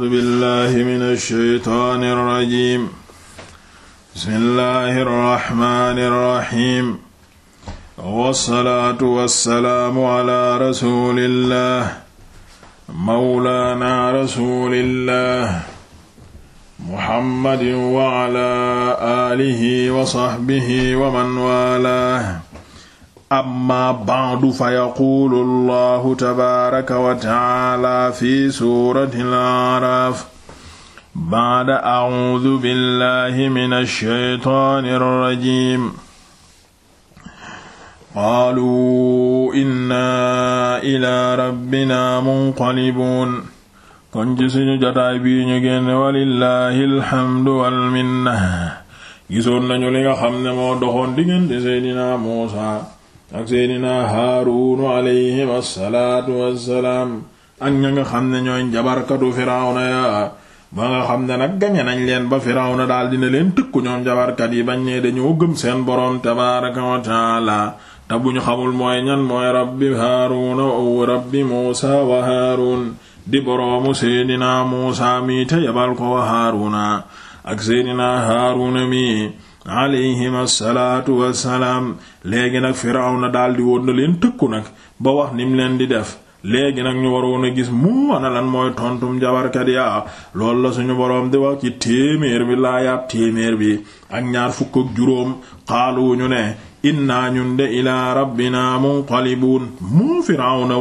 A'uuzu billaahi mina shaytaani rajiim bismillaahi rahmaani rahiim wassalaatu wassalaamu alaa rasuulillaah mawlaanaa rasuulillaah Muhammadin wa alaa aalihi wa sahbihi wa man waalaah amma ba'du fa yaquulu allahu tabaaraka wa ta'aala fi suurati al-a'raaf ba'da a'uudu billahi minash shaytaanir rajiim qaalu inna ilaa rabbinaa munqalibuun kon ci suñu jotaay bii ñu génn walillahi alhamdu wal minna gisoon nañu li nga xam ne moo doxoon diggante Seydina Muusaa ak seydinaa haaruunu alayhim assalaatu wassalaam ak ña xam ne ñooy njabarkatu firawna ya ba nga xam ne nag gañe nañ leen ba firawna daal dina leen tëkku ñoom njabarkat yi bañ ne dañoo gëm seen boroom tabaaraka wa taala te bu ñu xamul mooy ñan mooy rabbi haaruuna wa rabbi muusa wa haaruun di boroomu seydinaa muusa mi te yabal ko wa haaruuna ak seydinaa haaruuna mi alayhim assalaatu wassalaam léegi nag Firawna daldi woon na leen tëkku nag ba wax nim leen di def léegi nag ñu waroon a gis mu ana lan mooy tontum jabarkat yaa loolu la suñu boroom di wax ci téeméer bi laayaab téeméer bi ak ñaar fukk ak juróom xaalu ñu ne inna ñun de ilaa rabbina munqalibuun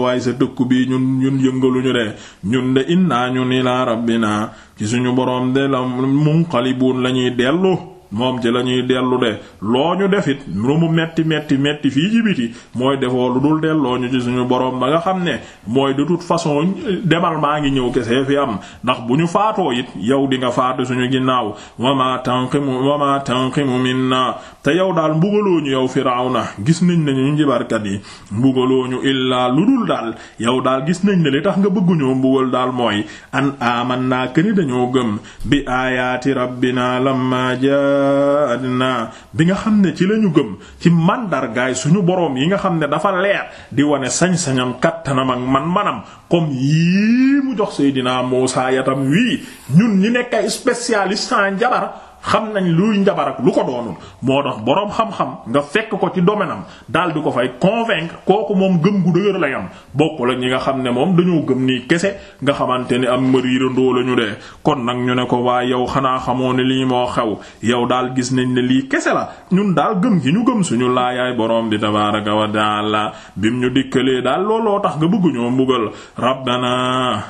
waaye sa dëkku bi ñun ñun yëngaluñu de ñun de inna ñun ilaa rabbina ci suñu boroom de la munqalibuun lañuy dellu moom ci la ñuy dellu de loo ñu defit lu mu metti metti metti fii ci biti mooy defoo lu dul delloo ñu ci suñu boroom ba nga xam ne mooy de toute façon demal maa ngi ñëw kese fi am ndax bu ñu faatoo it yow di nga faatu suñu ginnaaw wama tanqimu wama tanqimu minna te yow daal mbugaloo ñu yow na gis nañ ne ñu njibarkat yi mbugaloo ñu illaa lu dul daal yow daal gis nañ ne li tax nga bëgguñoo mbugal daal mooy an aman naa këni dañoo gëm bi ayaati adna bi nga xam ne ci lañu ñu gëm ci màndargaay suñu boroom yi nga xam ne dafa leer di wane sañ-sañam kattanam ak man-manam comme yii mu jox Seydina Muusaa yatam wii ñun ñi nekk ay spécialiste jabar xam nañ luy njabar ak lu ko doonul moo tax boroom xam-xam nga fekk ko ci domaine am daal di ko fay convaincre kooku moom gëm gu dëgër la am bokk la ñi nga xam ne moom dañoo gëm nii kese nga xamante ni am mariirandoo la ñu dee kon nag ñu ne ko waaye yow xanaa xamoo ne lii moo xew yow daal gis nañ ne lii kese la ñun daal gëm gi ñu gëm suñu laayaay boroom di tabaaraka wa bi mu ñu dikkalee daal looloo tax nga bëgg ñoo mbugal rabbana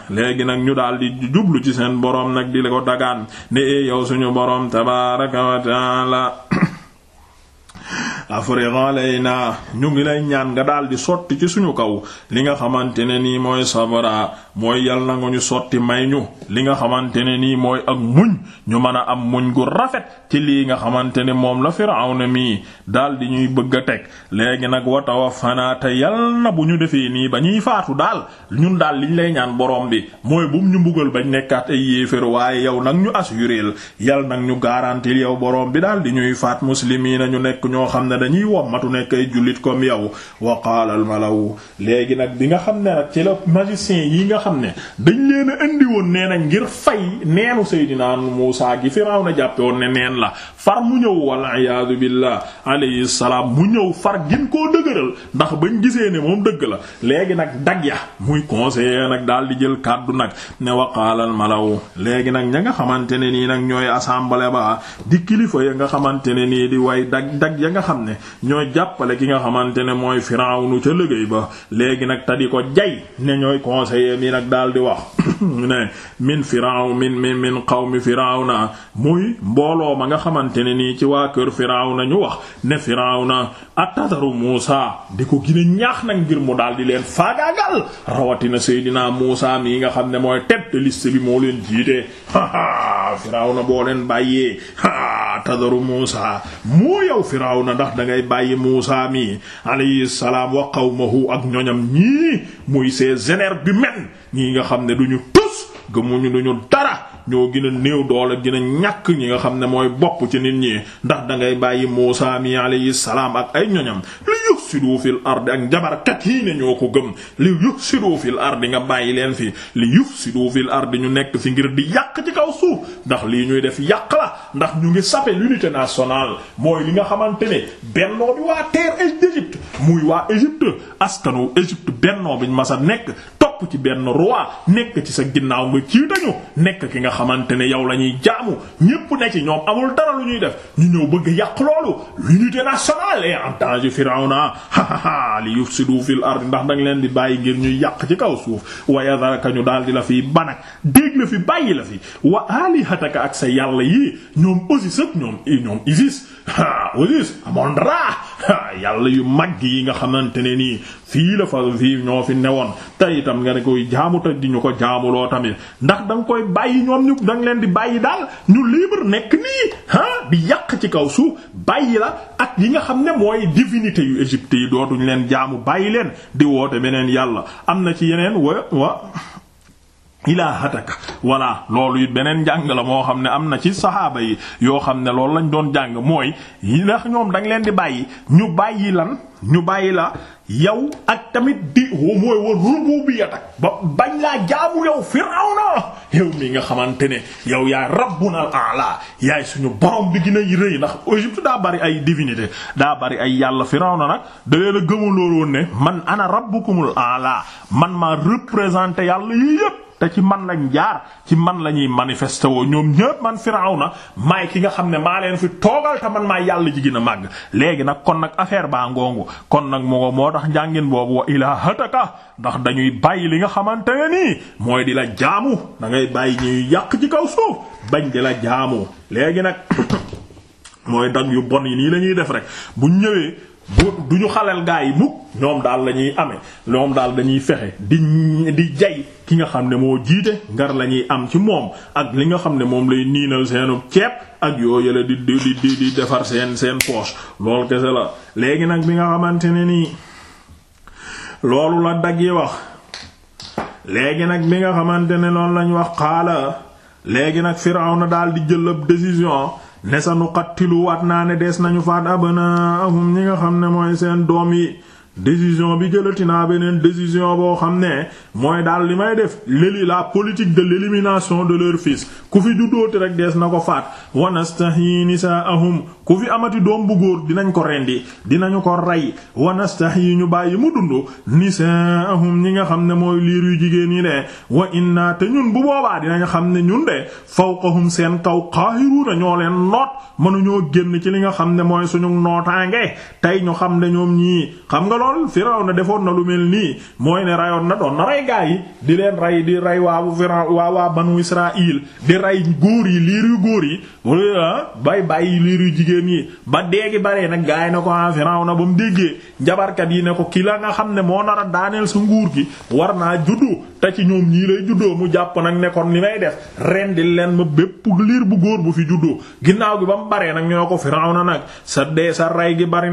léegi nag ñu daal di jublu ci seen boroom nag di la ko dagaan ne eh, yow suñu boroom tabaaraka wa taala afriq ñu ngi lay ñaan nga daldi sotti ci suñu kaw li nga xamante ne nii mooy sabra mooy yal na nga ñu sotti may ñu li nga xamante ne nii mooy ak muñ ñu mën a am muñ gu rafet ci lii nga xamante ne moom la Firawna mii daal di ñuy bëgg a teg léegi nag wa fanaata te yal na ñu defee nii ba ñuy faatu daal ñun daal liñ lay ñaan borom bi mooy bum ñu mbugal bañ nekkaat ay yow nag ñu assureel yal nag ñu garantir yow borom bi daal di ñuy faat muslimiina ñu nekk ñoo xam ne dañuy wommatu nekk ay jullit comme yow wa qaala al malaw léegi nag bi nga xam ne nag ci la magicien yi nga xam ne dañ leen a indi woon nee nañ ngir fay neenu Seydina Muusaa gi Firawna jàppe woon ne neen la far mu ñëw walla iyaadu billah alayhi salaam mu ñëw far gin koo dëgëral ndax bañ gisee ne moom dëgg la léegi nag dag ya muy conseiller nag daal di jël kàddu nag ne waqaalal malaw léegi nag ña nga xamante ne nii nag ñooy assemblée ba di kilifa ya nga xamante ne nii di way dag dag ya nga xam ne ñooy jàppale ki nga xamante ne mooy Firawnu ca liggéey ba léegi nag yi nag daal di wax ne min firaw min min min qawmi firawna muy mbooloo ma nga xamante ne nii ci waa kër firawna ñu wax ne firawna atadaru Muusa di ko gën a ñaax nag ngir mu daal di leen faagaagal rawatina Seydina Muusa mii nga xam ne mooy tête de liste bi moo leen jiite firawna boo leen bàyyee tadaru Muusa moo yow na ndax dangay bàyyi Muusa mi alayhi salaam wa qawmahu ak ñoñam ñii muy ses énergumènes ñii nga xam ne duñu tus gëmuñu duñu dara ñoo gën a néew doole gën ñàkk ñi nga xam ne mooy bopp ci nit ñi ndax dangay bàyyi Muusa mi alayhi salaam ak ay ñoñam yufsidu fil ardi ak njabarkat yii ne ñoo ko gëm li yufsidu fil ardi nga bàyyi leen fi li yufsidu fil ardi ñu nekk fi ngir di yàq ci kaw suuf ndax lii ñuy def yàq la ndax ñu ngi sape l'unité nationale mooy li nga xamante ne bennoo bi waa terre d'Égypte muy waa Égypte askanu Égypte bennoo biñ masa nekk topp ci benn roi nekk ci sa ginnaaw nga ciitañu nekk ki nga xamante ne yow la ñuy jaamu ñépp nekk ci ñoom amul dara lu ñuy def ñu ñëw bëgg yàq loolu l'unité nationale est en danger Firawna li yufsidu fil ard ndax danga leen di bàyyi ngir ñuy yàq ci kaw suuf wa yadharaka ñu daal di la fi banak dégg la fi bàyyi la fi wa alihataka ak sa yàlla yii ñoom Osiris ak ñoom ñoom Isis Osiris Amon-Ra yàlla yu mag yi nga xamante ne nii fii la fa fii ñoo fi newoon tey itam nga ne koy jaamu te di ñu ko jaamuloo tamit ndax da koy bàyyi ñoom ñu da leen di bàyyi daal ñu libre nekk nii ah di yàq ci kaw suuf bàyyi la ak yi nga xam ne mooy divinité yu Égypte yi dootuñu leen jaamu bàyyi leen di woote beneen yàlla am na ci yeneen wa wa ilaa voilà loolu it beneen njàng la moo xam ne am na ci saxaaba yi yoo xam ne loolu lañ doon jàng mooy yi ndax ñoom da leen di bàyyi ñu bàyyi lan ñu bàyyi la yow ak tamit di mooy wa rububiyatak ba bañ laa jaamu yow firawna yow mi nga xamante ne yow yaay rabbunal a'la yaay suñu borom bi gën a rëy ndax Égypte daa bari ay divinité daa bari ay yàlla firawna nag da leen a gëmaloon ne man ana rabbukumul a'la man maa représenté yàlla te ci man lañ jaar ci man la ñuy manifesté woo ñoom ñépp man na maay ki nga xam ne maa leen fi toogal man maa yàlla ji gën a màgg léegi nag kon nag affaire baa ngoongu kon nag mu ngo moo tax njàngin boobu wa ilahataka ndax dañuy bàyyi li nga xamante ne nii mooy di la jaamu da ngay bàyyi ñuy yàq ci kaw suuf bañ di la jaamu léegi nag mooy dag yu bon yi nii lañuy def rek bu ñëwee bu du ñu xalal gaa yi mukk ñoom daal la ñuy amee ñoom daal dañuy fexe di di jay ki nga xam ne moo jiite ngar lañuy am ci moom ak li nga xam ne moom lay niinal seenu ceeb ak yoo yële di di di di defar seen seen poche loolu kese la léegi nag bi nga xamante ne nii loolu la dag yi wax léegi nag bi nga xamante ne noonu lañ wax xaala léegi nag Firawna daal di jël ab décision ne sa nuqattilu waat naa ne dees nañu faat abnaahum ñi nga xam ne mooy seen doom yi décision bi jëlati naa beneen décision boo xam ne mooy daal li may def léli la politique de l'élimination de leur fils ku fi juddooti rek dees na ko faat wanastahyi nisaahum ku fi amati doom bu góor dinañ ko rendi dinañu ko rey wanastahyi ñu bàyyi mu dund nisaahum ñi nga xam ne mooy liir yu jigéen yi de wa inna te ñun bu boobaa dinañ xam ne ñun de fawqahum seen kaw qaahiruuna ñoo leen noot mënuñoo génn ci li nga xam ne mooy suñu nootaange lool Firawna defoon na lu mel nii mooy ne rayoon na doon na rey gaa yi di leen ray di rey waa Firaw waa waa banu Israil di rey góor yi liir yu góor yi wala ah, bay bàyyi liir yu jigéen yi ba déegi baree nag gaa yi ne ko ah na ba mu déggee njabarkat yi ne ko ki la nga xam ne moo nar a daaneel su nguur gi war naa juddu te ci ñoom ñii lay juddoo mu jàpp nag nekkoon ni may def ren di leen ma bépp liir bu góor bu fi juddoo ginnaaw gi ba mu baree nag ñoo ko Firawna nag sa dee sa rey gi bari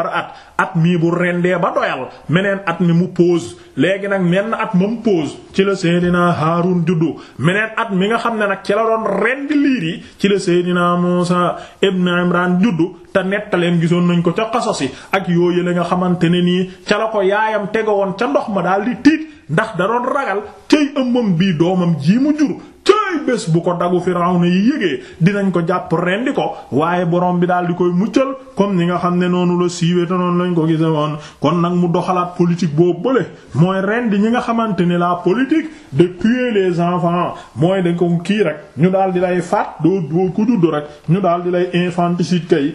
par at at mii bu rendee ba doyal meneen at mi mu pause léegi nag menn at moom pause ci la Seydina Haarun juddu meneen at mi nga xam ne nag ci la doon rendi liir yi ci la Seydina Muusa ibn Imran juddu te nettaleen gisoon nañ ko ca xasas yi ak yooyu la nga xamante ne nii ca la ko yaayam woon ca ndox ma daal di tiit ndax da doon ragal cay ëmbam bii doomam ji mu jur céy bés bu ko dagu Firawna yi yégee dinañ ko jàpp rendi ko waaye borom bi daal di koy muccal comme ni nga xam ne noonu la siiwee te noonu lañ ko gise woon kon nag mu doxalaat politique boo bële mooy rendi ñi nga xamante ni la politique de tuer les enfants mooy dañ ko kii rek ñu daal di lay faat doo doo ko juddu rek ñu daal di lay infanticide kay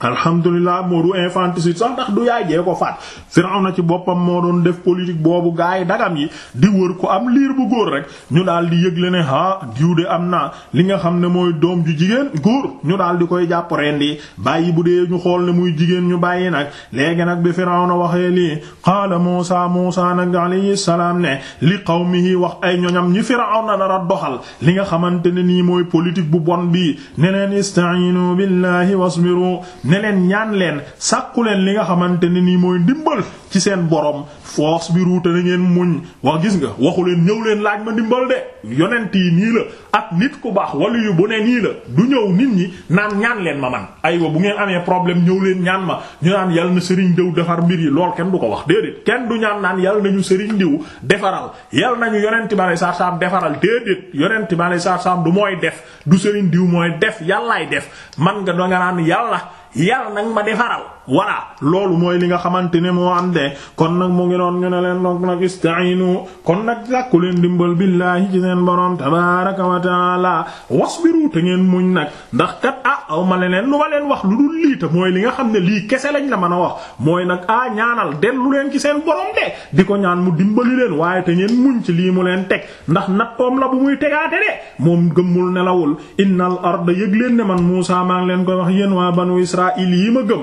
alhamdulilah moo du infanticide sax ndax du yaay jee ko faat Firawna ci boppam moo doon def politique boobu gaay dagam yi di wër ko am liir bu góor rek ñu daal di yëgle ne ah diw am na li nga xam ne mooy doom ji jigéen góor ñu daal di koy jàpp rendi bàyyi bu dee ñu xool ne muy jigéen ñu bàyyi nag léegi nag bi Firawna waxee lii qaala Muusa Muusa nag alayhi salaam ne li qawmihi wax ay ñoñam ñi Firawna dara doxal li nga xamante ne nii mooy politique bu bon bii neneen ista'iinu billahi wasbiru ne leen ñaan leen sàkku leen li nga xamante ne nii mooy ndimbal ci seen borom force bi ruute na ngeen muñ wax gis nga waxu leen ñëw leen laaj ma dimbal de yonent yi nii la ak nit ku baax walu yu bu ne nii la du ñëw nit ñi naan ñaan leen ma man aywa bu ngeen amee problème ñëw leen ñaan ma ñu naan yàlla na sëriñ diw defar mbir yi lool kenn du ko wax déedéet kenn du ñaan naan yàlla nañu sëriñ diw defaral yàlla nañu yonent bi alayhi salaam defaral déedéet yonent bi alayhi salaam du mooy def du sëriñ diw mooy def yàllaay def man nga danga naan yàlla yàlla ma defaral voilà loolu mooy li nga xamante ne moo de kon nag noon ñu ne leen donc nag ista'iinu kon nag sàkku leen dimbal billaahi ci seen boroom tabaaraka wa ta'aala wasbiru a ngeen muñ nag ndax kat a ah, aw ma leneen lu ma leen wax lu dul lii te mooy li nga xam ne lii kese lañ la mën a wax mooy nag ah ñaanal dellu leen ci seen boroom de di ko ñaan mu dimbali leen waaye te ngeen muñ ci lii mu leen teg ndax nattoom la bu muy tegaate de moom gëmmul nelawul innal arda yëg leen ne man Muusaa maa ngi leen koy wax yéen waa banu Israa'iil yi ma gëm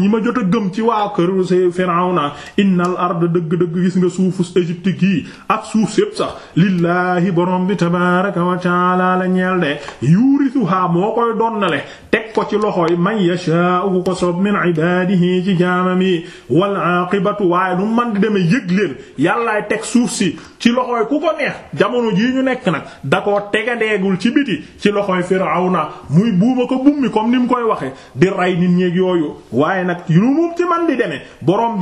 ñi ma jot a ci waa kër dëgg-dëgg gis nga suufu Égypte gii ak suuf sépp sax lillaahi borom bi tabaaraka wa taala la ñeel de yuurisuha moo koy donnale teg ko ci loxoy man yashaa'u ku ko soob min ibaadihi ci jaamam yi wal aaqibatu waaye nu man di demee yëg leen yàllaay teg suuf si ci loxoy ku ko neex jamono jii ñu nekk nag da koo tegandeegul ci biti ci loxoy Firawna muy buuma ko bummi comme ni mu koy waxe di rey nit ñeeg yooyu waaye nag yu moom ci man di demee borom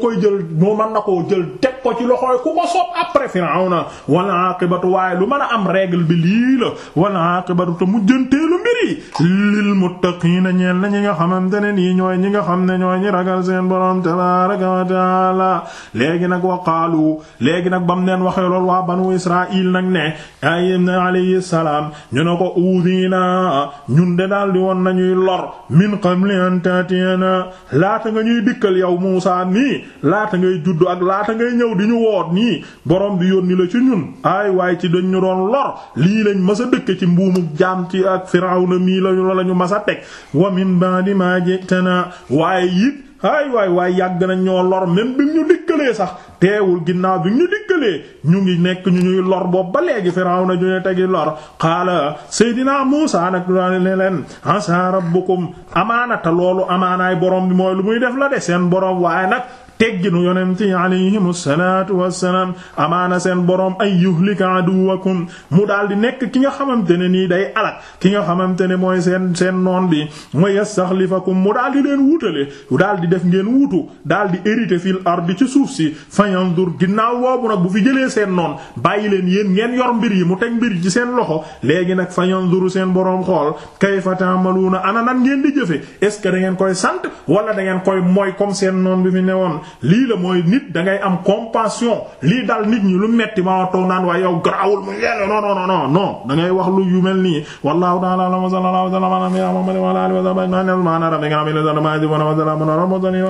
koy jël moo na koo jël teg ko ci loxooy ku ko soob après Firawna wal aqibatu waaye lu mën a am règle bi lii la wal aqibatu te mujjanteelu lii lil muttaqiina ñeel na ñi nga xamante ne nii ñooy ñi nga xam ne ñooy ñi ragal seen borom tabaaraka wa taala léegi nag wa qaalu léegi nag bam neen waxee lool waa banu israil nag ne ayyim alayhi salaam ñu ne ko udina ñun de daal di woon nañuy lor min qabli an taatiyana laata nga ñuy dikkal yow Muusaa nii laata ngay juddu ak laata ngay ñëw di ñu woot nii borom bi yónni la ci ñun ay waaye ci dañ ñu doon lor lii lañ mësa dëkk ci mbuumu jaam ci Haaruna mii lañu la ñu mas a teg wa min ba'di maa na waaye it ay waay waay yàgg nañ ñoo lor même bi ñu dikkalee sax teewul ginnaaw bi ñu dikkalee ñu ngi nekk ñu ñuy lor boobu ba léegi Firawna ju ne tegi lor xaala Seydina Muusaa nag daan ne leen asaa rabbukum amaana te loolu amaanaay borom bi mooy lu muy def la de seen borom waaye nag tegginu yonent yi alayhimu salaatu wassalaam amaana seen boroom ay yuhlika aduwakum mu daal di nekk ki nga xamante ne nii day alak ki nga xamante ne mooy seen seen noon bi mooy yastaxlifakum mu daal di leen wutale daal di def ngeen wutu daal di hérité fil ardi ci suuf si fayandur ginnaaw boobu nag bu fi jëlee seen noon bàyyi leen yéen ngeen yor mbir yi mu teg mbir ci seen loxo léegi nag fayandur seen boroom xool kayfa ta'maluna ana nan ngeen di jëfe est ce que da ngeen koy sant wala da koy mooy comme seen noon bi fi newoon lii la mooy nit da ngay am compassion lii dal nit ñi lu metti ma toog naan waaye yow garaawul mu leen non non non non da ngay wax lu yu mel nii wallahu ta'ala a'lam sallallahu alayhi wa sallam wa ala alihi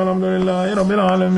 wa sahbihi